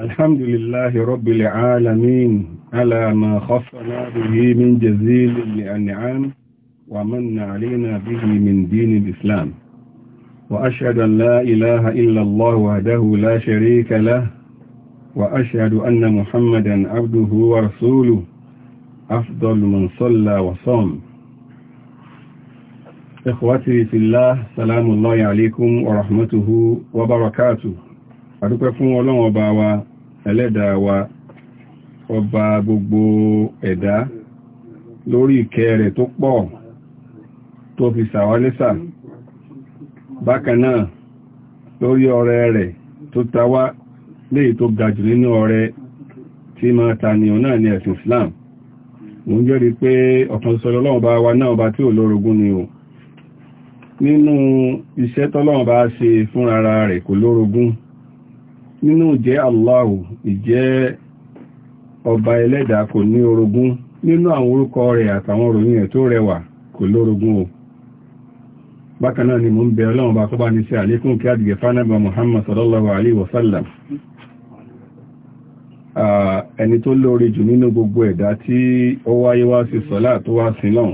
الحمد لله رب العالمين على ما خصنا به من جزيل الأنعام ومن علينا به من دين الإسلام وأشهد أن لا إله إلا الله وحده لا شريك له وأشهد أن محمدا عبده ورسوله أفضل من صلى وصام إخوتي في الله سلام الله عليكم ورحمته وبركاته أدوك فون ولن وباوا ẹlẹ́dàá wa ọba gbogbo ẹ̀dá lórí ìkẹ́ rẹ̀ tó pọ̀ tó fi sàwálẹ́sà bákan náà lórí ọrẹ rẹ̀ tó tawá léyìí tó ga nínú ọrẹ tí ma ta ni ọ̀nà ní ẹ̀sìn Islam mo ń jẹ́rìí pé ọ̀kan sọ́lọ́ Ọlọ́run wa náà bá tí ò lórogún ni o nínú iṣẹ́ tọ́lọ́run bá ṣe fúnra rẹ̀ kò lórogún nínú ìjẹ́ Allahu ìjẹ́ ọba ẹlẹ́dàá kò ní orogún nínú àwọn orúkọ rẹ̀ àtàwọn òròyìn ẹ̀ tó rẹwà kò lórogún o bákan náà ni mo ń bẹ ọlọ́run bá kọ́bá ní sí àlékún kí àdìgẹ̀ fánàbà Muhammad sallallahu alaihi wasallam ẹni tó lóore jù nínú gbogbo ẹ̀dá tí ó wáyé wá sí sọ́lá tó wá sí náà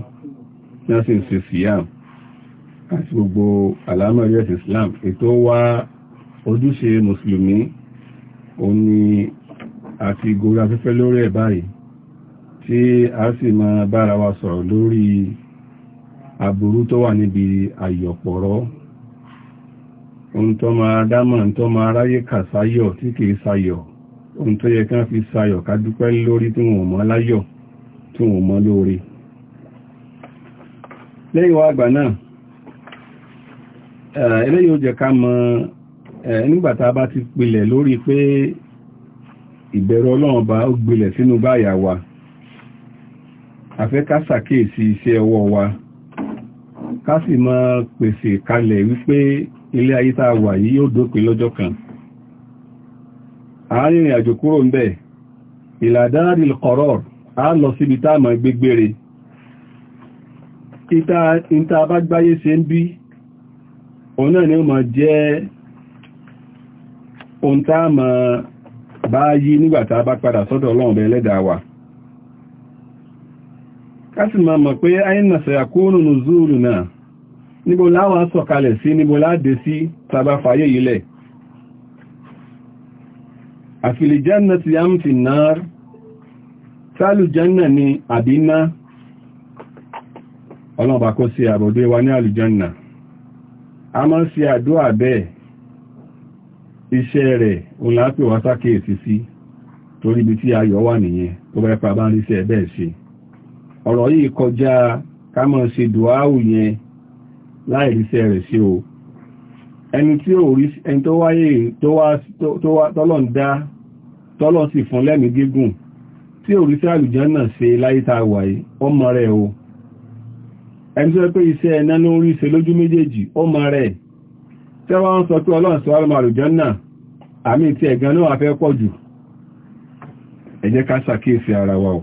ní a sì síyàm àti gbogbo àlámọ̀rí ẹ̀sìn Islam ètò wá ojúṣe mùsùlùmí o ni àti gorí afẹ́fẹ́ lórí ẹ̀ báyìí tí a sì máa bára wa sọ̀rọ̀ lórí aburú tó wà níbi àyọ̀pọ̀rọ̀ ohun tó máa dámà tó máa ráyé kà sáyọ̀ tí kìí sáyọ̀ ohun tó yẹ kán fi sáyọ̀ ká dúpẹ́ lórí tí wọ́n mọ́ láyọ̀ tí wọ́n mọ́ lórí lẹ́yìn wá àgbà náà eléyìí ó jẹ́ ká mọ̀ nígbàtà bá ti pilẹ̀ lórí pé ìbẹ̀rù ọlọ́run bá ó gbilẹ̀ sínú báyà wa àfẹ́ ká ṣàkíyèsí iṣẹ́ ọwọ́ wa ká sì máa pèsè kalẹ̀ wípé ilé ayé tá a wà yìí yóò dópin lọ́jọ́ kan àárìnrìn àjò kúrò ń bẹ̀ ìlàdáàrí kọ̀rọ̀ á lọ síbi tá a gbégbére ìta bá gbáyé ṣe ń bí òun náà ni ó máa jẹ́ ohun tá a mọ̀ bá yí nígbàtà bá padà sọ́dọ̀ ọlọ́run lẹ́dàá wa ká sì máa mọ̀ pé àyínà sẹ̀yàkóòrùn nùzúùlù náà níbo n'Ibola sọ̀kalẹ̀ sí níbo láàdé sí tàbá fàyè ilẹ̀ ti yámfì náà sálùjánà ni àbíná ọlọ́ọ̀bà kó sí àbọ̀dé wa ní a máa ń ṣe àdúà iṣẹ́ rẹ̀ òun láti wá sákèèsí sí torí ibi tí ayọ̀ wà nìyẹn tó bá ẹpa bá ń ríṣẹ́ bẹ́ẹ̀ ṣe ọ̀rọ̀ yìí kọjá ká ṣe dùáwù yẹn láì ríṣẹ́ rẹ̀ ṣe o ẹni tí ò rí ẹni tó wáyé tọ́lọ̀ ń dá tọ́lọ̀ sì fún lẹ́mìí gígùn tí ò ríṣẹ́ àlùjànnà ṣe láyé o ẹni tó pé iṣẹ́ ẹ̀ná ló ń ṣe lójú tí wọ́n ń sọ pé ọlọ́run sọ ọlọ́run àmì tí ẹ̀gan náà afẹ́ pọ̀ jù ẹ ká ṣàkíyèsí ara wa o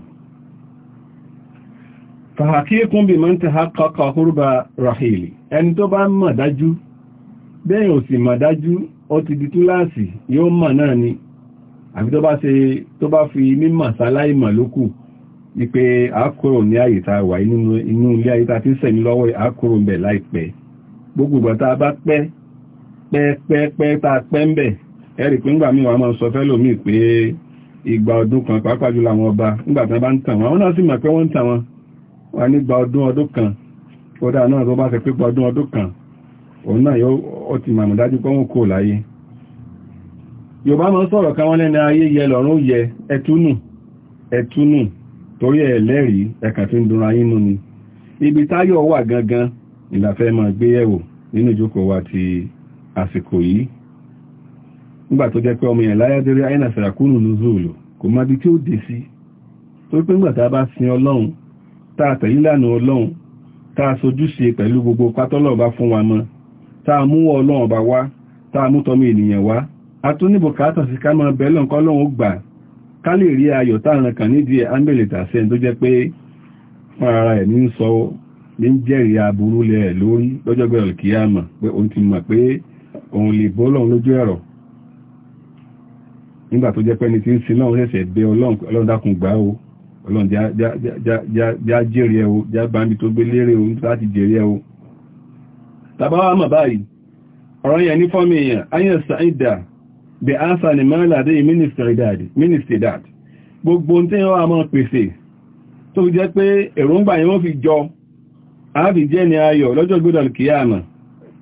fàhàkíyèkún bí mọ́ntẹ̀ ha kọ́kọ́ húrúbà rahili ẹni tó bá mọ̀ dájú bẹ́yìn ò sì mọ̀ dájú ó ti di túláàsì yóò bá fi mímọ̀ sáláìmọ̀ lókù wípé ní wà inú ilé ti ń sẹ̀mí lọ́wọ́ gbogbo pẹ́pẹ́pẹ́ tá a pẹ́ ń bẹ̀ ẹ̀rì pé ńgbà míì wà máa sọ fẹ́lò míì pé ìgbà ọdún kan pàápàá jùlọ àwọn ọba nígbà tí wọ́n bá ń tàn wọn àwọn náà sì mọ̀ pé wọ́n ń tàn wọn wà nígbà ọdún ọdún kan kódà náà tó bá fẹ́ pé gba ọdún ọdún kan òun náà yóò ó ti màmù dájú pé wọ́n kò láyé Yorùbá máa ń sọ̀rọ̀ ká wọ́n lẹ́nu ayé yẹ lọ́rùn yẹ ẹtúnù ẹtúnù torí ẹ̀ lẹ́rìí ẹ̀kà tí ń dunra yínú ni ibi táyọ̀ wà gangan ìlàfẹ́ máa gbé nínú ìjókòó wa ti àsìkò yìí nígbà tó jẹ́ pé ọmọ yẹn láyádérí àyínà sàràkúnù nùzúùlù kò má bí tí ó dé sí tó pé ńgbà tá bá sin ọlọ́run tá tẹ̀yí lànà ọlọ́run pẹ̀lú gbogbo pátọ́lọ̀ fún wa mọ́ tá mú ọlọ́run wá mú tọmọ ènìyàn wá a tún níbò sí gbà ká ara ẹ̀ ní sọ ní ń jẹ́rìí aburú lẹ̀ lórí lọ́jọ́gbẹ̀rẹ̀ kìí àmọ̀ pé òun ti òun lè bọ́ lọ́run lójú ẹ̀rọ nígbà tó jẹ́ pẹ́ni tí ń sin lọ́run ṣẹ̀ṣẹ̀ bẹ ọlọ́run dákun gbà o ọlọ́run já jèrè ẹ o já bambi tó gbé lérè o láti jèrè ẹ o tàbáwá mọ̀ báyìí ọ̀rọ̀ yẹn ní fọ́mí èèyàn ayẹ́ sàídà bẹ̀ ánsà ni mọ́láàdé ministridad gbogbo tí wọ́n a mọ́ pèsè tó fi jẹ́ pé èròǹgbà yẹn wọ́n fi jọ ààfì jẹ́ ni ayọ̀ lọ́jọ́ gbọ́dọ̀ kìíyàmà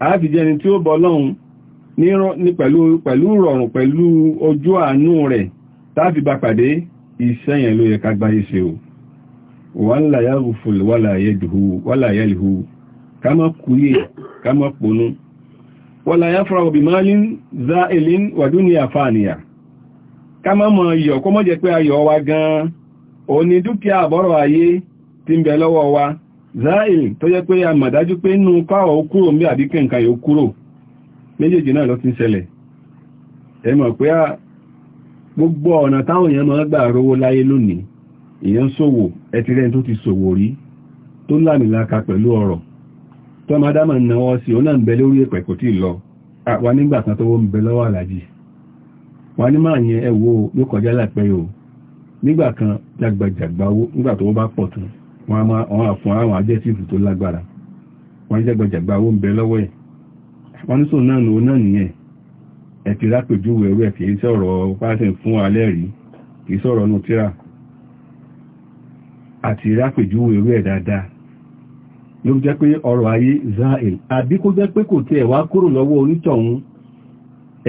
ààfì jẹ́ ni tí ó bọ́ lọ́hun ní pẹ̀lú pẹ̀lú rọrùn pẹ̀lú ojú àánú rẹ̀ táàfi bá pàdé iṣẹ́ yẹn ló yẹ ká gbáyé ṣe o wọ́n láyá rúfùl wọ́láyá ìhù ká má kúyè ká má pònú wọ́láyá fúra òbí máa ní za elin wàdúnìyà fàníyà ká má mọ́ wa gan-an ò ní dúkìá àbọ́rọ̀ ayé tí ń méjèèjì náà ló ti ń ṣẹlẹ̀ ẹ mọ̀ pé gbogbo ọ̀nà táwọn èèyàn máa gbà rówó láyé lónìí èèyàn ṣòwò ẹtì rẹ̀ tó ti ṣòwò rí tó lámìlaka pẹ̀lú ọ̀rọ̀ tó máa dámà náwọ́ sí ó náà ń bẹ lórí ẹ̀pẹ̀ kò tí lọ wà nígbà kan tó ń bẹ lọ́wọ́ àlàjì wà ní máa yẹn ẹ̀wò yóò kọjá lápẹ́ o nígbà kan jàgbàjàgbà owó nígbà tó bá pọ̀ tún wọn á fún àwọn àjẹ́sìfù tó lágbára wọn jàgbàjàgbà owó ń bẹ lọ́wọ́ ẹ̀ wọ́n ní sóun náà náà nìyẹn ẹ ti lápèjúwe ẹrú ẹ kì pàṣẹ fún alẹ́ rí kì í sọ̀rọ̀ tíra àti lápèjúwe ẹrú ẹ ló jẹ́ pé ọ̀rọ̀ ayé zael àbí kó jẹ́ pé kò tí ẹ̀wà kúrò lọ́wọ́ onítọ̀hún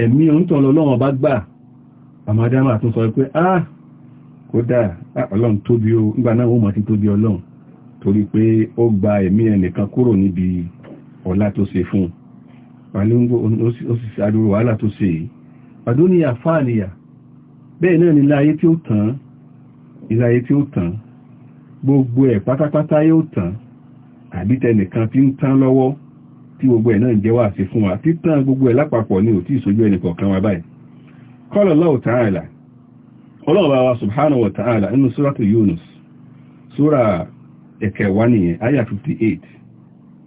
ẹ̀mí ah, ah, ọlá tó se fún pàlóńgó òsìsì àdúrò wàhálà tó ṣe yìí pàdóníyà fáàníyà bẹ́ẹ̀ náà ni láyé tí ó tán ìláyé tí ó gbogbo ẹ̀ e pátápátá yóò tán àbí tí ń tán lọ́wọ́ gbogbo ẹ̀ e náà jẹ́ sí fún wa títàn gbogbo ẹ̀ e lápapọ̀ ni ò tí ìṣojú ẹnìkọ̀ọ̀kan wa báyìí 58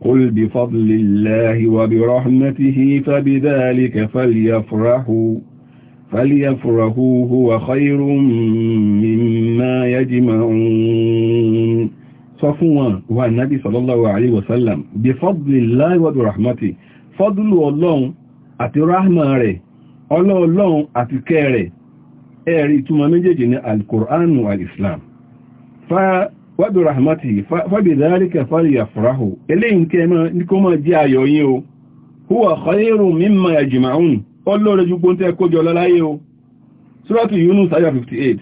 قل بفضل الله وبرحمته فبذلك فليفرحوا فليفرحوا هو خير مما يجمعون صفوا والنبي صلى الله عليه وسلم بفضل الله وبرحمته فضل الله àti rahma rẹ̀ ọlọ́ọ̀lọ́un àti kẹ́ rẹ̀ ẹ̀rí ìtumọ̀ méjèèjì ní al-Qur'an wọ́dù rahmati fábìdálíkà fàríyà fúráhù eléyìn kẹmọ́ ní kó máa jẹ́ ayọ̀ yín o huwa khayrun mimma yajma'un ọlọ́rẹ̀ jùgbó tẹ́ kójọ lọ́láyé o suratu yunus 58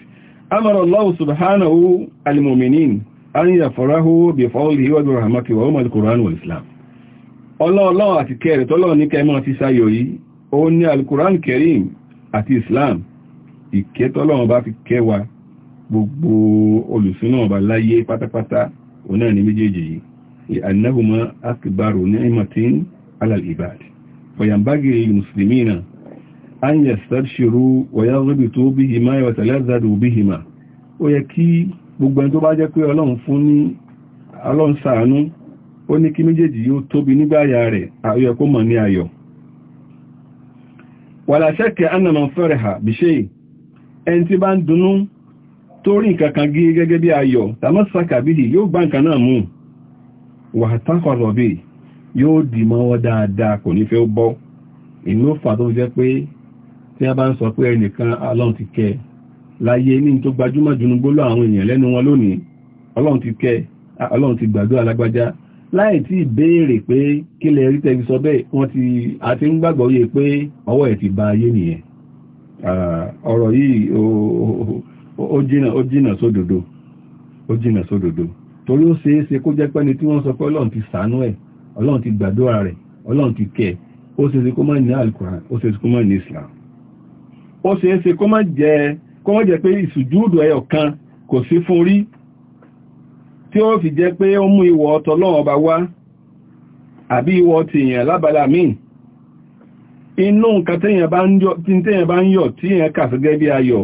amara allahu subhanahu al-mu'minin an yafrahu bi fawlihi wa bi rahmatihi wa gbogbo olùsúnà ọba láyé pátápátá òun náà ni méjèèjì yìí li annahuma akbaru ni'matin ala al-ibad fayambagi al-muslimina an yastabshiru wa yaghbitu bihima wa yatalazzadu bihima ó yẹ kí gbogbo ẹni tó bá jẹ́ pé ọlọ́run fún ní ọlọ́run ṣàánú ó ní kí méjèèjì yóò tóbi nígbàyà rẹ̀ àyọ kó mọ̀ ní ayọ̀ wala shakka anna man faraha bi ẹni tí bá ń dunú torí nǹkankan gí gẹ́gẹ́ bí ayọ̀ tàmásàkà bídì yóò gbá nǹkan náà mú wà tákọ̀rọ̀ bí yóò dì mọ́wọ́ dáadáa kò ní fẹ́ bọ́ inú fà tó jẹ́ pé tí a bá ń sọ pé ẹnìkan ọlọ́run ti kẹ láyé ní tó gbajúmọ̀ jùnú gbóló àwọn èèyàn lẹ́nu wọn lónìí ọlọ́run ti kẹ alágbájá láì tí ìbéèrè pé kí lẹ rí tẹ́bi sọ bẹ́ẹ̀ wọ́n ti àti ń gbàgbọ́ yé pé ọwọ́ ẹ̀ ti ba ayé nìyẹn ọ̀rọ̀ yìí ó jìnà ó jìnà sódòdó ó jìnà sódòdó torí ó ṣeé ṣe kó jẹ́ pẹ́ni tí wọ́n sọ pé ọlọ́run ti ṣàánú ẹ̀ ọlọ́run ti gbàdúrà rẹ̀ ọlọ́run ti kẹ́ ó ṣeé ṣe kó má ní alukuran ó ṣeé ṣe kó má ní islam ó ṣeé ṣe kó má jẹ́ kó má jẹ́ pé ìsùjúdù ẹyọ kan kò sí fún rí tí ó fi jẹ́ pé ó mú ìwọ̀ ọ̀tọ̀ lọ́wọ́ ọba wá àbí ìwọ̀ ti èèyàn míì inú nǹkan téèyàn bá ń yọ̀ tí èèyàn kà sí gẹ́gẹ́ bí ayọ̀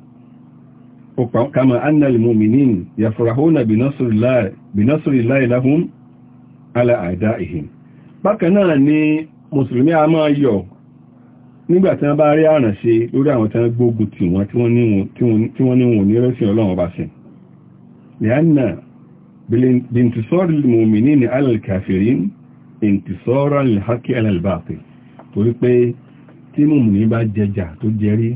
kama anna al-mu'minin yafrahuna bi nasrillahi lahum ala a'da'ihim bákan náà ni mùsùlùmí a máa yọ̀ nígbà tí wọ́n bá rí àrànṣe lórí àwọn tí wọ́n gbógun tì wọ́n tí wọ́n ní wọn ní rẹ́sìn Ọlọ́run bá sìn lianna bintisar al-mu'minin ala al-kafirin intisara al-haqqi ala al-batil torí pé tí mùmìnì bá jẹjà tó jẹrí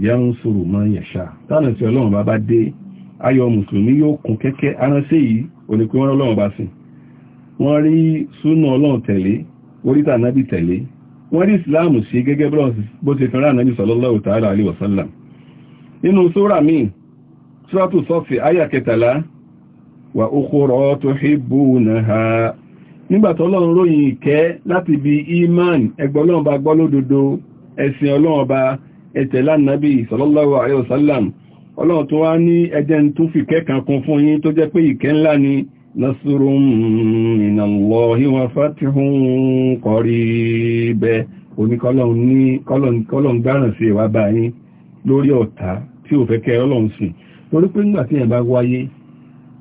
yansuru man yasha tánà tí ọlọ́run bá bá dé ayọ̀ mùsùlùmí yóò kún kẹ́kẹ́ aránṣẹ́ yìí onípe wọ́n ọlọ́run bá sìn wọ́n rí súnà ọlọ́run tẹ̀lé oríta nábì tẹ̀lé wọ́n rí ìsìláàmù sí gẹ́gẹ́ bó ṣe fẹ́ràn nábì sallallahu ta'ala alaihi wasallam nínú sóra míì sóràtù sọ́fì áyà kẹtàlá wà ukhra tuhibbunaha nígbàtí ọlọ́run bí iman ẹgbọ́lọ́run bá gbọ́ ẹ̀tẹ̀lá nàbí sallallahu alaihi wasallam ọlọ́run tó wá ní ẹjẹ́ tó fi kẹ́kàn kún fún yín tó jẹ́ pé ìkẹ́ ńlá ni nasrun minallahi wa fathun qarib oníkọ́lọ́run ní kọ́lọ́run gbáràn sí ìwà báyín lórí ọ̀tá tí ò fẹ́ kẹ́ ọlọ́run sìn torí pé nígbà tí ẹ̀ bá wáyé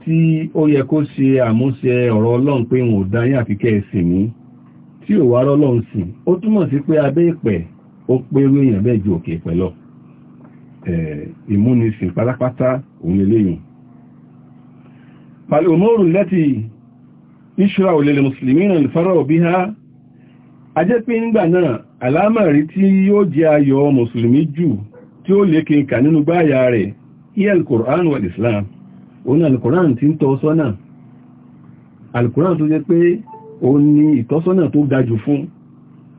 tí ó yẹ kó ṣe àmúṣe ọ̀rọ̀ ọlọ́run pé wọn ò dáyé àfikẹ́ ẹ̀sìn ní tí ò wá rọ́lọ́run sìn ó sí pé abẹ́ ìpẹ̀ ó pérú èèyàn bẹ́ẹ̀ ju òkè pẹ̀lọ ìmúnisìn pátápátá òun eléyìn pàlú òmóòrùn lẹ́tì ìṣúra òlèlè mùsùlùmí náà ìfẹ́rọ̀ ha a nígbà náà tí yóò jù tí ó lè kínkà nínú rẹ̀ al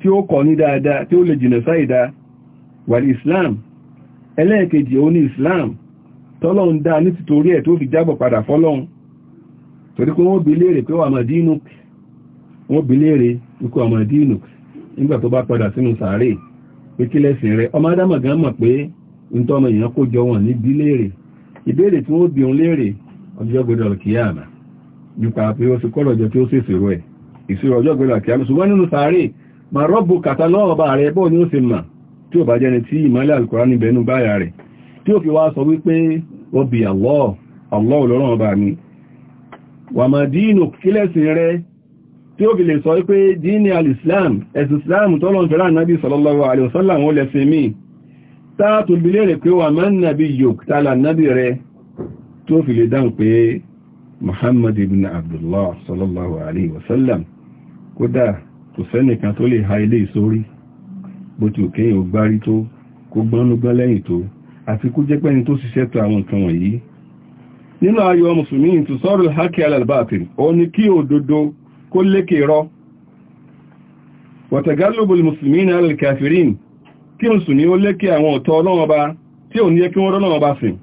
tí ó kọ̀ ní dáadáa tí ó lè jìnà sáìdá wà ní islam ẹlẹ́ẹ̀kejì ó ní islam tọ́lọ́un dá ní títorí ẹ̀ tó fi jábọ̀ padà fọ́lọ́un torí pé wọ́n léèrè pé wà nígbà tó bá padà sínú sàárè pé kí lẹ́sìn ọmọ mọ̀ pé ń tọ́mọ èèyàn kó jọ wọn ní bí léèrè ìbéèrè tí wọ́n bi òun léèrè ọjọ́ gbọdọ̀ ó sì kọ́rọ̀ ọjọ́ ó sì ẹ̀ ìṣirò ọjọ́ ma rọ́bù kàtà lọ́wọ́ bá rẹ̀ bọ́ ni ó sì mà tí ó bá jẹ́ni tí ìmọ́lẹ̀ alkùránì bẹnu báyà rẹ̀ tí ó fi wá sọ wípé ọbì Allah Allah lọ́rọ̀ ọba mi wà má dínù kílẹ̀sìn rẹ̀ tí ó fi lè sọ wípé dínì al-islam ẹ̀sìn islam tọ́lọ́n fẹ́ràn nábì sallallahu alaihi kódà kò sẹ́nìkan tó lè ha ilé ìsórí bó ti òkè yìí ò gbárí tó kó gbọ́núgbọ́n lẹ́yìn tó àti kó jẹ́ pẹ́ni tó ṣiṣẹ́ tó àwọn nǹkan wọ̀nyí nínú ayọ̀ mùsùlùmí tó sọ́rọ̀ hákì alàlbáàtì ó ní kí òdodo kó lékè rọ wàtàgálòbòlì mùsùlùmí ní alàlkàfìrín kí mùsùlùmí ó lékè àwọn ọ̀tọ̀ ọlọ́wọ́ba tí ò ní yẹ kí wọ́n rọ́lọ́wọ́ba sìn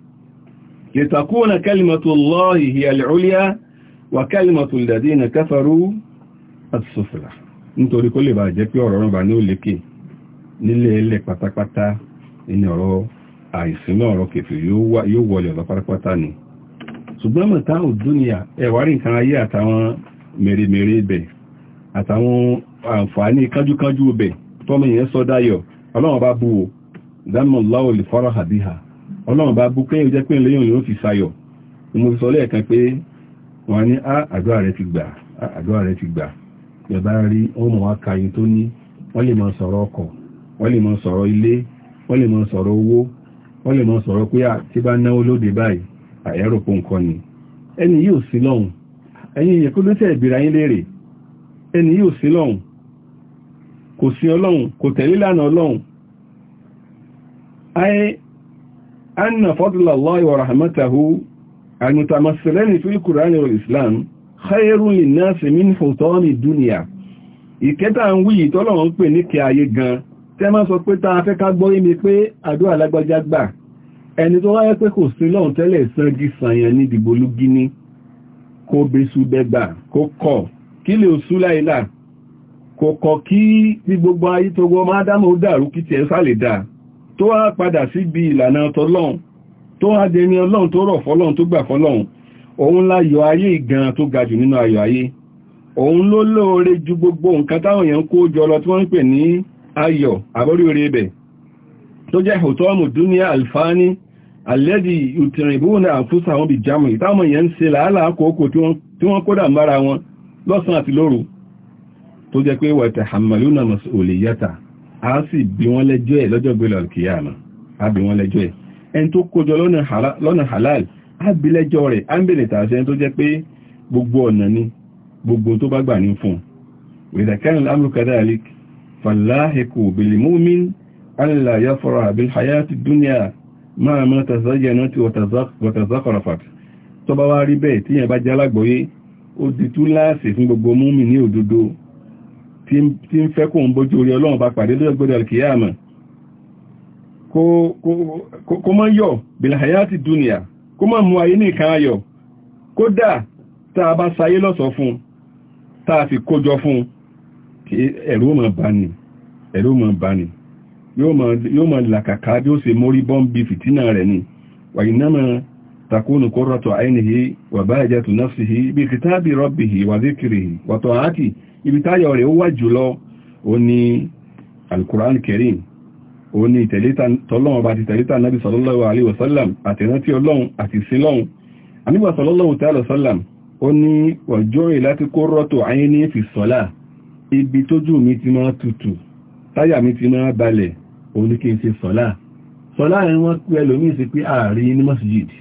litakuna kalimatullahi hiya al-ulya wa kalimatul ladina kafaru as-sufla nítorí kó lè bá jẹ́ pé ọ̀rọ̀ ọ̀rọ̀ ní òlékè nílé ẹlẹ́ pátápátá ní ọ̀rọ̀ àìsínà ọ̀rọ̀ kèfè yóò wọlé ọ̀rọ̀ pátápátá ni ṣùgbọ́n mọ̀tá òdúnìyà ẹ̀wárí nǹkan ayé àtàwọn mèremère ibẹ̀ àtàwọn àǹfààní kánjúkánjú ibẹ̀ tọ́mọ yẹn sọ dáyọ̀ o dámọ̀ láwọ̀ lè ti gbà bẹ̀bá rí ọmọ akayin tó ní wọ́n lè máa sọ̀rọ̀ ọkọ̀ wọ́n lè máa sọ̀rọ̀ ilé wọ́n lè máa sọ̀rọ̀ owó wọ́n lè máa sọ̀rọ̀ pé tí bá náwó lóde báyìí àyẹ́rò nǹkan ni ẹni yóò sí lọ́hùn ẹ̀yin èyàn kó ló tẹ́ ìbìrà yín léèrè ẹni yóò sí lọ́hùn kò sí ọlọ́hùn kò tẹ̀lé ọlọ́hùn ayé anna rahmatahu islam khairun lin nasi min hutani dunya ìkẹta ń wí ìtọ́lọ̀wọ́n pè ní kí ayé gan tẹ́ máa sọ pé ta fẹ́ ká gbọ́rí mi pé àdó alágbájá gbà ẹni tó wáyé pé kò sí lọ́hùn tẹ́lẹ̀ sangi sàyàn ní dìbò lúgíní kó bésù bẹ́gbà kó kọ̀ kí lè oṣù láìlà kò kọ̀ kí tí gbogbo ayé tó gbọ́ máa dámọ̀ ó dàrú kí tiẹ̀ sálè dáa tó wá padà síbi ìlànà tọlọ́hùn tó wá dẹni ọlọ́hùn tó rọ̀ fọlọ́hùn tó gbà fọlọ́hùn òun láyọ̀ ayé ìgan tó ga jù nínú ayọ̀ ayé òun ló lóore ju gbogbo nǹkan táwọn èèyàn kó jọ lọ tí wọ́n ń pè ní ayọ̀ àbórí orí ibẹ̀ tó jẹ́ hòtọ́ọ̀mù dúníà alfani alẹ́dì ìtìrìbúnà àfúsà wọn bí jamu ìtàwọn èèyàn ń ṣe làálàá kòókò tí wọ́n kódà mára wọn lọ́sàn àti lóru tó jẹ́ pé wà tàhàmàlúnà mas'uliyata a sì bí wọ́n lẹ́jọ́ ẹ̀ lọ́jọ́ gbé lọ́kìyàmà a bí wọ́n halal ábìlẹ́jọ́ rẹ̀ ábìlẹ̀ tàṣẹ tó jẹ́ pé gbogbo ọ̀nà ni gbogbo tó bá gbà ní fún wẹ̀dàkẹ́rin amúkàdá alik fàláhẹ́kù bèlèmúmin alìlà ya fọ́ra àbí hayati dúnìyà máa mọ́ tàzáyẹ̀nà tí wọ́tàzákọ̀rọ̀fàt tó bá wá rí bẹ́ẹ̀ tí yẹn bá jálágbọ́yé ó di tú láàṣì fún gbogbo múmi ní òdodo tí ń fẹ́ kóhun bójú orí ọlọ́run bá pàdé lọ́jọ́ gbọ́dọ̀ kìíyàmọ̀ kó mọ́ yọ̀ bèlè hayati dúnìyà kó mọ̀ mú ayé ní ìkan ayọ̀ kódà tá a bá sayé lọ́sọ̀ fún tá a sì kójọ fún ẹ̀rù mọ̀ bá ní ẹ̀rù mọ̀ bá ní yóò mọ̀ làkàkà bí ó ṣe mórí bọ́m̀bí fìtínà rẹ̀ ni wàyínámà takunu kórọ̀tọ̀ àìníhì wà báyàjẹ́ òun ni ìtẹ̀lẹ́ta tọ́lọ́run bá ti tẹ̀lẹ́ta náà bí sallallahu alaihi wasallam àtẹ̀rántí ọlọ́run àti sílọ́run anígbà sallallahu ta'ala wasallam ó ní ọjọ́ ìláti kó rọ́tò ayé ní fi sọ́lá ibi tójú mi ti máa tutù táyà mi ti máa balẹ̀ òun ni kí n ṣe sọ́lá sọ́lá rẹ̀ wọ́n pẹ́ lómi sí pé ààrí ní masjidi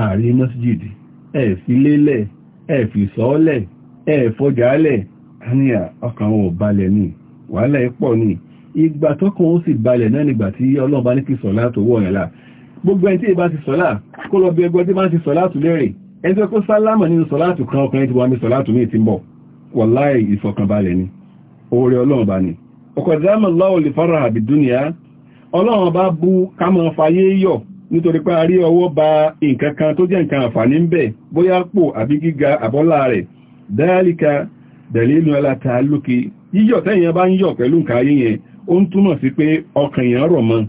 ààrí wàhálà ẹ̀ ni ìgbà tọ́kàn ó sì balẹ̀ náà nígbà tí ọlọ́run bá ní kí sọ̀lá tó wọ̀ yẹn lá gbogbo ẹni tí ìbá ti sọ̀lá kó lọ bí ẹgbẹ́ tí bá ti sọ̀lá tó lérè ẹni tó kó sálámà nínú sọ̀lá tó kan ọkùnrin tí wọ́n mi sọ̀lá tó ni oore ọlọ́run bá ní ọkọ̀ ìdámọ̀ lọ́wọ́ lè fara àbì dúnìá ọlọ́run bá bú kámọ́ fayé yọ̀ nítorí pé a rí ọwọ́ ba nǹkan kan tó jẹ́ nǹkan àǹfààní ń bẹ̀ yíyọ̀ tẹ́yìn bá ń yọ̀ pẹ̀lú nǹkan ayé yẹn ó ń túmọ̀ sí pé ọkàn èèyàn rọ̀ mọ́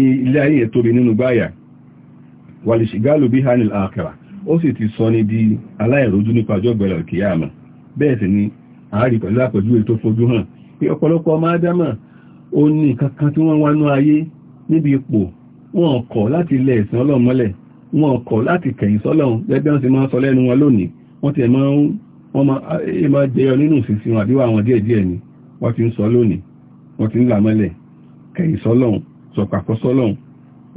ilé ayé yẹn tóbi nínú báyà wàlìṣìgálù bí hanil akara ó sì ti sọ ní di aláìrójú nípa ọjọ́ gbẹ̀rẹ̀ kìyàmà bẹ́ẹ̀ sì ni àárí pẹ̀lú àpẹ̀jú ètò fojú hàn pé ọ̀pọ̀lọpọ̀ ọmọ ádámà ó ní kankan tí wọ́n wánú ayé níbi ipò wọn kọ̀ láti lẹ ẹ̀sìn ọlọ́run mọ́lẹ̀ wọn kọ̀ láti kẹ̀yìn sọ́lọ́run gẹ́gẹ́ wọn sì máa sọ jẹyọ nínú ìsinsin àbíwá àwọn díẹ̀díẹ̀ ni wọ́n fi ń sọ lónìí wọ́n ti ń là mọ́lẹ̀ kẹ̀yìn sọ́lọ́hun sọ̀pàkọ́ sọ́lọ́hun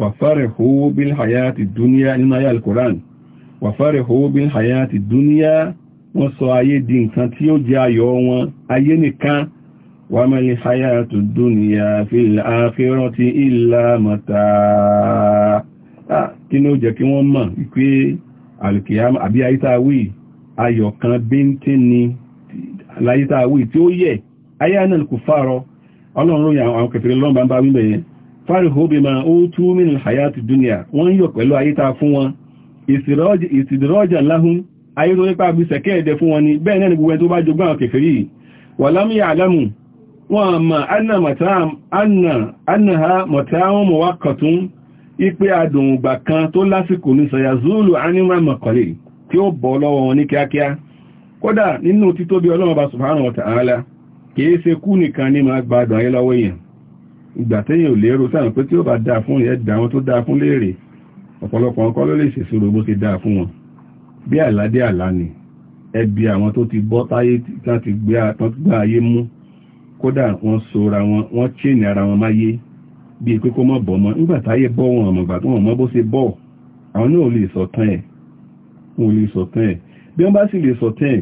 wàfàrẹ̀ owó bí hayati dúníyà nínú ayé alkùnrán wàfàrẹ̀ owó bí hayati dúníyà wọ́n sọ ayé di nǹkan tí ó jẹ́ ayọ̀ wọn ayé nìkan wà mẹ́lẹ̀ hayati dúníyà fi àfihàn ti ìlà mọ̀ta kí ni ó jẹ́ kí wọ́n mọ̀ wípé alùkìyàmà àbí ayítàwí ayọ̀ kan bíntín ni láyítàwí tí ó ọlọ́run ròyìn àwọn kẹfẹ̀rẹ̀ lọ́nà bá ń bẹ̀yẹn farihu bima utu min al-hayati dunya wọ́n yọ̀ pẹ̀lú ayé ta fún wọn ìsìdìrọ́jà láhún ayé tó nípa bí sẹ̀kẹ́ ẹ̀dẹ̀ fún wọn ni bẹ́ẹ̀ náà ni gbogbo tó bá jogún àwọn kẹfẹ̀rí wà lámì sayazulu anima makọ̀lẹ̀ tí ó bọ̀ lọ́wọ́ wọn ní kíákíá kódà nínú títóbi ọlọ́run kìí ṣe kú nìkan ní máa gbádùn ayé lọ́wọ́ èèyàn ìgbà téèyàn ò lérò sáà pé tí ó bá dáa fún ẹ̀ dáwọn tó dáa fún léèrè ọ̀pọ̀lọpọ̀ ọkọ́ ló lè ṣèṣòro bó ṣe dáa fún wọn bí àládé àlá ni ẹbí àwọn tó ti bọ́ táyé tán ti gbá ayé mú kódà wọ́n sora wọn wọ́n chéènì ara wọn máyé bíi pé kó mọ́ bọ̀ mọ́ nígbà táyé bọ́ wọn àmọ́ ìgbà tó wọn mọ́ bó ṣe bọ́ àwọn náà ò lè sọ tán ẹ̀ wọn ò lè sọ tán ẹ̀ bí wọ́n bá sì lè sọ tán ẹ̀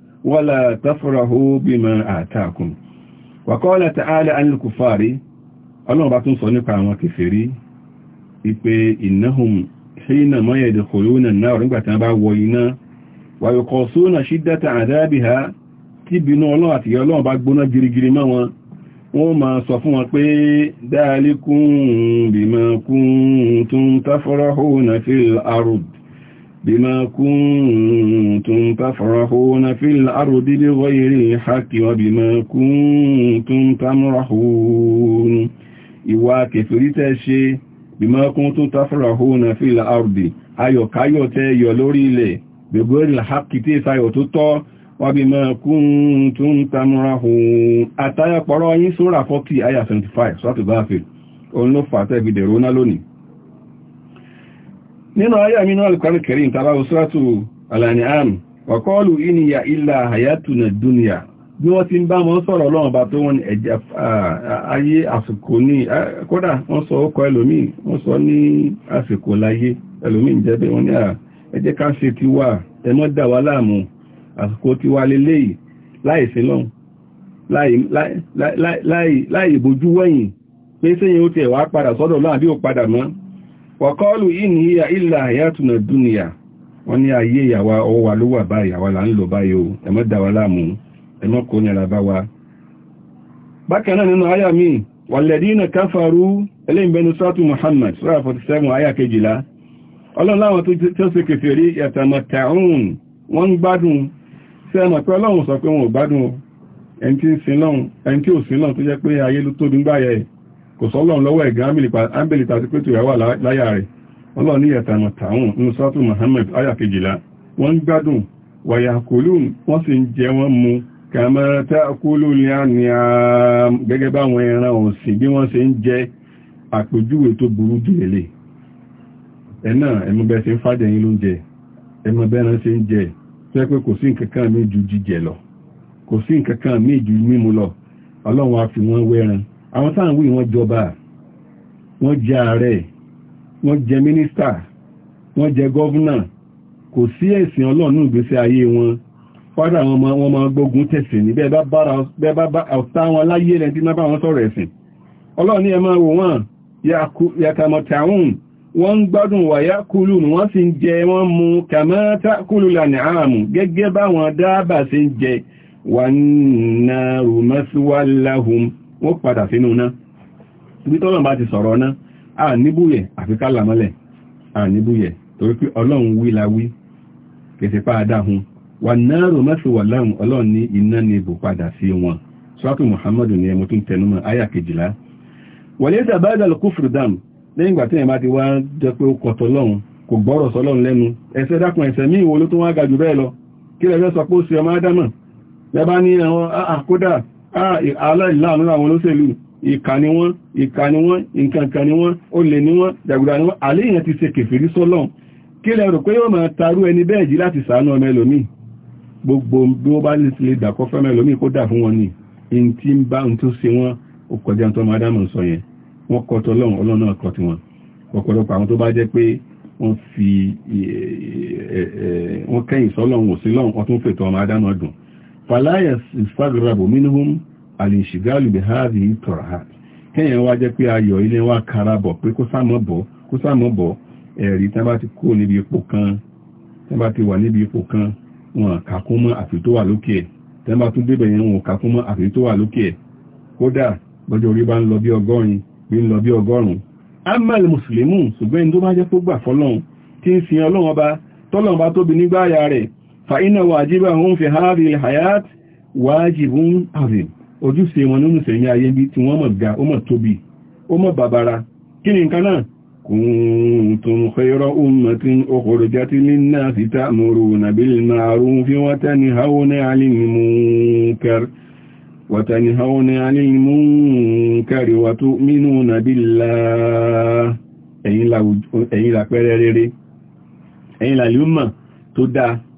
ولا تفرحوا بما آتاكم وقال تعالى عن الكفار الله باتون صنف عن كفري ipe innahum hina ma yadkhuluna an-nar nígbà tán bá wọ iná wa yuqasuna shiddata adhabiha tí bínú Ọlọ́run àti Ọlọ́run bá gbóná girigiri mọ́ wọn wọ́n máa sọ بما كنتم تفرحون في الأرض بغير الحق وبما كنتم تمرحون ìwà kèfèrí tẹ́ ṣe بما كنتم تفرحون في الأرض ayọ̀káyọ̀ tẹ́ yọ lórí ilẹ̀ بغير الحق tí ìsáyọ̀ tó tọ́ وبما كنتم تمرحون àtayọ̀pọ̀rọ̀ yín sórà 40 ayà 75 sọ́tù bá fẹ́ òun ló fà tẹ́ fi dẹ̀róná lónìí nínú ayé àmínú alìkọ̀ọ́lù kẹrin tàbá òsúrátù alàníhàn wàkọ́ọ̀lù ìníyà ilá àyàtù nà dúnìyà bí wọ́n ti ń bá wọn sọ̀rọ̀ ọlọ́run bá tó wọn ẹ̀jẹ̀ ayé àsìkò ní kódà wọ́n sọ ọkọ̀ ẹlòmíì wọ́n sọ ní àsìkò láyé ẹlòmíì jẹ́bẹ̀ wọ́n ní ẹjẹ́ ká ṣe ti wà ẹmọ́ dà wá láàmú wàkọ́ọ̀lù yìí ní ìyà ìlà àyàtùnà dúnìyà wọ́n ní ayé ìyàwó ọwà ló wà báyìí àwa là ń lò báyìí o ẹ má dà wá láàmú ẹ má kó nira bá wa bákan náà nínú àyà míì wàlẹ̀dínà káfàrú ẹlẹ́yìnbẹ́nu sátù Muhammad sura 47 àyà kejìlá ọlọ́láwọn tó ṣe kèfèrí yàtàmàtàún wọ́n ń gbádùn sí ẹmà kò sọ́lọ́run lọ́wọ́ ẹ̀gán ámbèlì tàbí pé tó yàwà láyà rẹ̀ ọlọ́ni ẹ̀tànà tàún ní sọ́tù Muhammad ayà kejìlá wọ́n gbádùn wàyà kòlù wọ́n sì ń jẹ wọ́n mu kàmẹ́rẹ́tà kúlù ní àníà gẹ́gẹ́ báwọn ẹran ọ̀sìn bí wọ́n sì ń jẹ àpèjúwe tó burú jù lélẹ̀ ẹ̀nà ẹmọbẹ̀ sí ń fàjẹyìn ló ń àwọn sáàwì wọ́n jọba wọ́n jẹ ààrẹ wọ́n jẹ mínísítà wọ́n jẹ gọ́vnà kò sí ẹ̀sìn ọlọ́run ìgbésí ayé wọn fọ́dà wọn ma gbógun tẹ̀sì ní bẹ́ẹ̀ bá ọ̀tá wọn láyé rẹ̀ tí náà bá wọn sọ̀rọ̀ ẹ̀sìn ọlọ́run ẹ máa wò wọ́n yàtàmọ̀tàún wọ́n ń gbádùn wàyá kúlù wọ́n sì ń jẹ wọ́n mú kàmátà kúlù lànà àmù gẹ́gẹ́ bá wọn dáàbà sí ń jẹ wà náà rùmọ́síwá láhùn wọ́n padà sínú náà bí tọ́lọ́n bá ti sọ̀rọ̀ náà a níbúyẹ̀ àfi ká làmọ́lẹ̀ a níbúyẹ̀ torí pé ọlọ́run wí la wí kèsì páadá hun wà náà rò mẹ́sì ọlọ́run ní iná ni ẹmọ tó ń tẹnumọ́ àyà kejìlá wọlé tàbádà lọ kúfùrù dam lẹ́yìn ìgbà tí ẹ̀ bá ti wá jẹ́ pé ó kọ̀tọ̀ lọ́run kò gbọ́rọ̀ sọ́lọ́run lẹ́nu ẹsẹ̀ dákun ẹsẹ̀ míì Ah, aláìláàánú àwọn olóṣèlú ìkà ni wọ́n ìkà ni wọ́n nǹkankan ni wọ́n olè ni wọ́n jàgùdà ni wọ́n àléèyàn ti ṣe kèfèrí sọ́lọ́n kí lẹ rò pé yóò máa tarú ẹni bẹ́ẹ̀ jí láti ṣàánú ọmọ gbogbo bí wọ́n bá lè dàkọ́ fẹ́mọ kó dà fún wọn ni in tí ń bá ń tó ṣe wọ́n ó kọjá tó máa dámọ̀ sọ yẹn wọ́n kọ́ tọ́lọ́run ọlọ́run náà kọ́ ti wọn fàláyà ìfagbàgbò mínúhùn àlèṣìgáàlù bí háàdì ìtọ̀rọ̀ ha kẹ́yàn wá jẹ́ pé ayọ̀ ilé wa karabọ̀ pé kó sámọ́ bọ̀ kó sámọ́ bọ̀ ẹ̀rí tán bá ti kó níbi ipò kan tán bá ti wà níbi ipò kan wọn kàkún mọ́ àfi tó wà amal mùsùlùmù ṣùgbọ́n tó bá jẹ́ tó gbà fọ́lọ́run tí ń sin ọlọ́run ọba tọ́lọ́run tóbi nígbà àyà rẹ̀ فإن واجبهم في هذه الحياة واجب عظيم ojúṣe wọn nínú sẹ̀yìn ayé bí tí wọ́n mọ̀ ga ó mọ̀ tóbi ó mọ̀ bàbára kí ni nǹkan náà kuntum khayra ummatin ukhrijat lin-nasi ta'muruna bil ma'rufi wa tanhawna 'anil munkar wa tanhawna 'anil munkari wa tu'minuna billah ẹ̀yin la ẹ̀yin la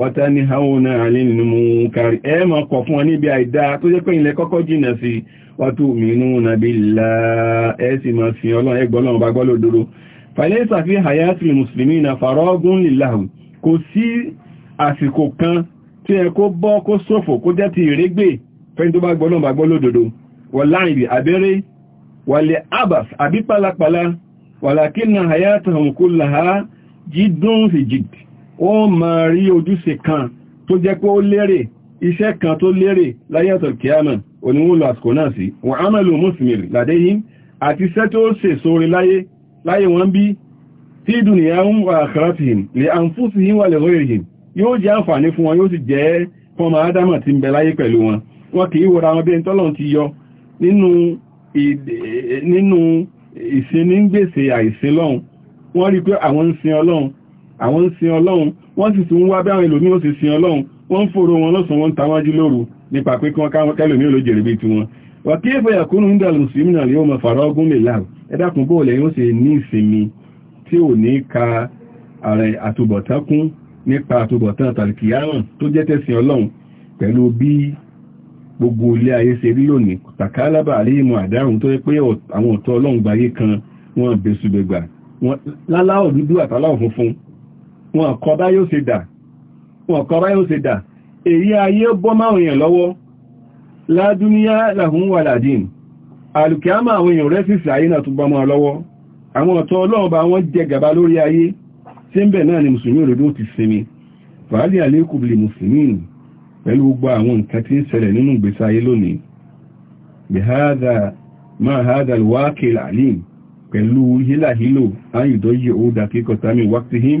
wàtánihàwòna àlìmùkàrí ẹ máa kọ̀ fún wọn níbi àìdá tó jẹ́ pé ilẹ̀ kọ́kọ́ jìnà sí wàtú mìíràn billahi ẹ sì máa fi ọlọ́run ẹgbọ́lọ́run bá gbọ́lọ́ òdodo fàílẹ́sà fi hayati musulmi na farọ́gún lìláhù kò sí àsìkò kan tí ẹ kó bọ́ kó sófò kó jẹ́ ti ìrégbè fẹ́ni tó bá gbọ́lọ́run bá gbọ́lọ́ òdodo wà láìbì abẹ́rẹ́ wàlẹ̀ abas àbí pálapàla wàlákínà hayati hàn kó làá fi jìdì wọ́n máa rí ojúṣe kan tó jẹ́ pé ó lérè iṣẹ́ kan tó lérè láyé ọ̀tọ̀ kíámà oníwọ́n lọ àsìkò náà sí wọ́n ámàlò mùsùlùmí làdéyìn àti iṣẹ́ tó ṣe sórí láyé láyé wọ́n bí tí dùnìyàn wà àkàràtìhìn lè àǹfúsìhìn wà lè ròyìn yóò jẹ́ àǹfààní fún wọn yóò sì jẹ́ fọmọ ádámà tí ń bẹ láyé pẹ̀lú wọ́n rí pé àwọn ń sin ọlọ́hun àwọn ń sin ọlọ́run wọ́n sì tún wá bí àwọn ẹlòmí ó sì sin ọlọ́run wọ́n ń fòrò wọn lọ́sàn wọ́n ń tawájú lóru nípa pé kí wọ́n kẹ́lòmí ó ló jèrè bí tiwọn wà kí èfẹ́ yàkúnú ń dà lùsùmí náà yóò mọ fàrọ ọgún lè láàrù ẹ̀dàkùn bó lẹ́yìn ó sì ní ìsinmi tí ò ní ka ààrẹ àtúbọ̀tán kún nípa àtúbọ̀tán tàlìkìyàrán tó jẹ́ tẹ̀sìn ọlọ́run pẹ̀lú bí gbogbo ilé ayé ṣe rí lónìí tàkálábà àríyìnmọ̀ àdáhùn tó yẹ pé àwọn ọ̀tọ́ ọlọ́run gbayé kan wọ́n bẹ̀sùbẹ̀gbà láláwọ̀ dúdú àtàláwọ̀ funfun wọn kọ́ bá yóò ṣe dà wọn kọ́ bá yóò ṣe dà èyí ayé bọ́ máwọn èèyàn lọ́wọ́ ládúníyá làhún wà làdín alùkìámà àwọn èèyàn rẹ̀ sísì ayé náà tún bọ́ lọ́wọ́ àwọn ọ̀tọ́ ọlọ́run bá jẹ gàba lórí ayé tí ń bẹ̀ náà ni mùsùlùmí alim pẹ̀lú hílàhílò ayùdọ́yẹ̀ ó dàkíkọ̀ sami wáktíhìm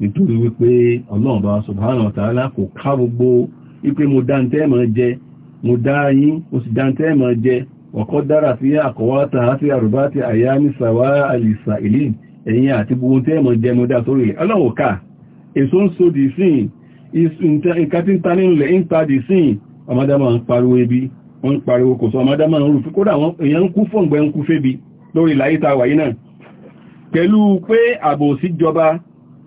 nítorí wípé ọlọ́run bá subhanahu wa ta'ala kò ká gbogbo wípé mo dá ntẹ́ mọ̀ jẹ mo dá yín ó sì dá ntẹ́ mọ̀ jẹ ọ̀kọ́ dára sí àkọwátà àti àrùbá àti àyá ní sàwá àlìsà ìlú ẹ̀yìn àti gbogbo ntẹ́ mọ̀ jẹ mo dá sórí ilẹ̀ ọlọ́run ká èso ń pẹ̀lú pé àbòsí jọba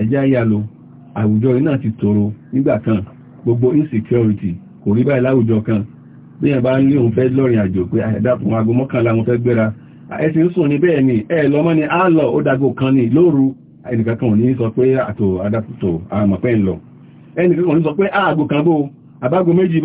ẹjá yàlò àwùjọ iná ti tòrò nígbà kan gbogbo insecurity kò rí báyìí láwùjọ kan bí ẹ̀ bá ń lé òun fẹ́ lọ́rin àjò pé àyẹ̀dàpùn aago mọ́kànlá wọn fẹ́ gbéra ẹ̀sìn ń sùn ní bẹ́ẹ̀ ni ẹ̀ lọ́mọ́ ni a lọ ó dago kan ni lóru ẹnìkankan ò ní sọ pé àtò adápùtò àmọ̀pẹ́ ń lọ ẹnìkankan ò ní sọ pé aago kan bó abágo méjì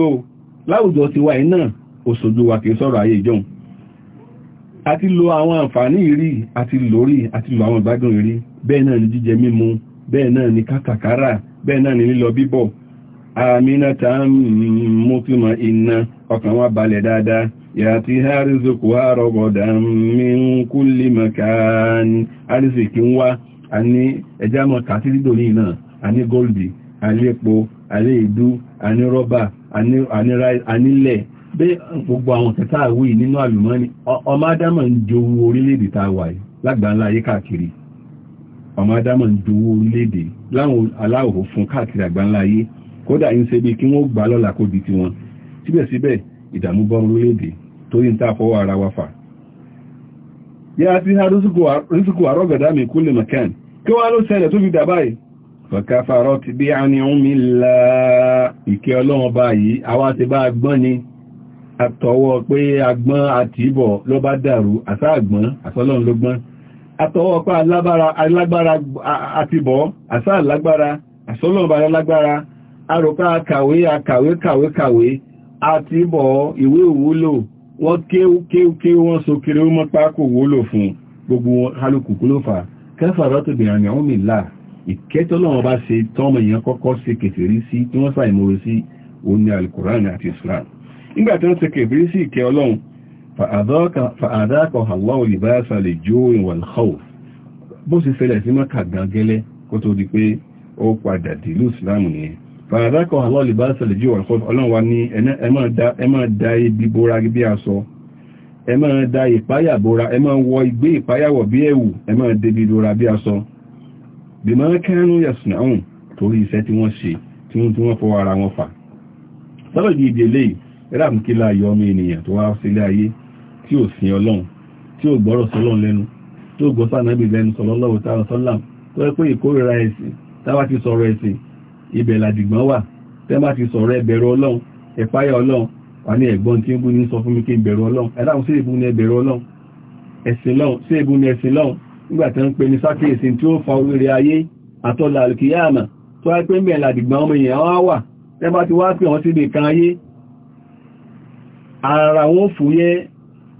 àti lo àwọn àǹfààní ìrí àti lórí àti lo àwọn ìgbádùn ìrí bẹ́ẹ̀ náà ni jíjẹ mímu bẹ́ẹ̀ náà ni kátàkárà bẹ́ẹ̀ náà ni lílọ bíbọ̀ àmìnàtà mọ́túnmà iná ọkàn wa balẹ̀ dáadáa yàtí harizuku ha rọ̀gọ̀dà min kulli makan hariziki ń wá a ní ní goldi a ní epo a ní ìdú a ní rọ́bà a nílẹ̀ bí gbogbo àwọn kẹta àwí nínú àlùmọ́ni ọmọ adámọ̀ ń jowú orílẹ̀-èdè tá wà lágbàá ayé káàkiri ọmọ adámọ̀ ń dowó orílẹ̀-èdè láwọn aláwò fún káàkiri àgbáńlá ayé kódà ń ṣe bí kí wọ́n gbà lọ́la kó di ti wọn síbẹ̀síbẹ̀ ìdààmú bọ́ orílẹ̀-èdè torí ń tàfọwọ́ ara wa fà yá sí ha rísíkò àrọ́gàdá mi kú lè mọ̀kán kí wá ló ṣẹlẹ̀ tó fi dà báyìí fọ̀káfàrọ́ àtọwọ́pá alágbára àtibọ̀ àsá alágbára àsọ́lọ́ọ̀bà alágbára àròká kàwé àkàwé kàwé kàwé àtibọ̀ ìwé òwúlò wọ́n kéwkéwké wọ́n so kiri wọ́n pa kò wúlò fún gbogbo alùkùkú ló fà kẹfàrọ́ tó bèèrè àmì àwọn mìlá ìkẹ́tọ́lọ́wọ́n bá ṣe tọ́mọ èèyàn kọ́kọ́ sí kèfèrí sí tí wọ́n sàìmòrò sí òní alìkùránì àti Islam nígbà tí wọ́n ṣe kèfèrí sí ìkẹ́ Ọlọ́run fàádákọ̀ Allahu libasa al-ju'i wal-khawf bó sì ṣẹlẹ̀ sí mọ́kà gangẹ́lẹ́ kó tó di pé ó padà dìlú ìsìlámù nìyẹn fàádákọ̀ Allahu libasa al-ju'i wal-khawf ọlọ́wà ní ẹ máa da ibi bóra bí aṣọ ẹ máa da ìpáyà bóra ẹ máa wọ igbé ìpáyàwọ̀ bí ẹ̀wù ẹ máa débi bóra bí aṣọ bí máa kánú yẹ̀sùn náà torí iṣẹ́ tí wọ́n ẹ̀rà mú kí láàyọ́ ọmọ ènìyàn tó wá sílé ayé tí ò sin ọlọ́run tí ò gbọ́rọ̀ sọlọ́run lẹ́nu tí ò gbọ́ sànábì lẹ́nu sọlọ́lọ́wọ́ táwọn sọ́làm tó yẹ pé ìkórìíra ẹ̀sìn táwa ti sọ̀rọ̀ ẹ̀sìn ibẹ̀ làdìgbọ́n wà tẹ́ bá ti sọ̀rọ̀ ẹbẹ̀rù ọlọ́run ẹ̀páyà ọlọ́run wà ní ẹ̀gbọ́n tí ń bú ní sọ fún mi kí n bẹ̀rù ọlọ́run ẹ̀dáhùn sí ìbú ní ẹbẹ̀rù ọlọ́run ẹ̀sìn lọ́run sí ìbú ní ẹ̀sìn lọ́run nígbà tí ń pè ní sákèèsì tí ó fa oríire ayé àtọ́lá alkiyama tó wá pé mẹ́lá dìgbà ọmọ èèyàn wá wà tẹ́bá ti wá pè wọ́n sí ibi kan ayé ara wọn fúyẹ́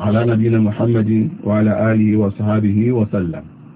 على نبينا محمد وعلى آله وصحابه وسلم